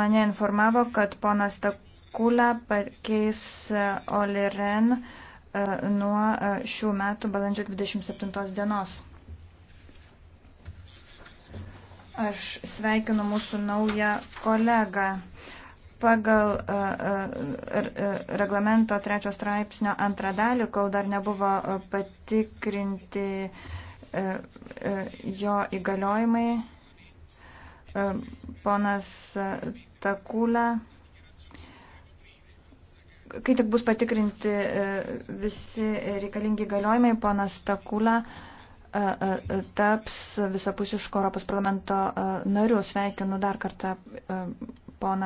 mane informavo, kad ponas Takula pakeis e, Oliren e, nuo e, šių metų balandžio 27 dienos. Aš sveikinu mūsų naują kolegą. Pagal reglamento trečio straipsnio antrą dalį, kol dar nebuvo patikrinti jo įgaliojimai, ponas e, Takula, kai tik bus patikrinti e, visi reikalingi galiojimai, ponas Takula e, taps visapusiško Europos parlamento nariu. Sveikinu dar kartą poną.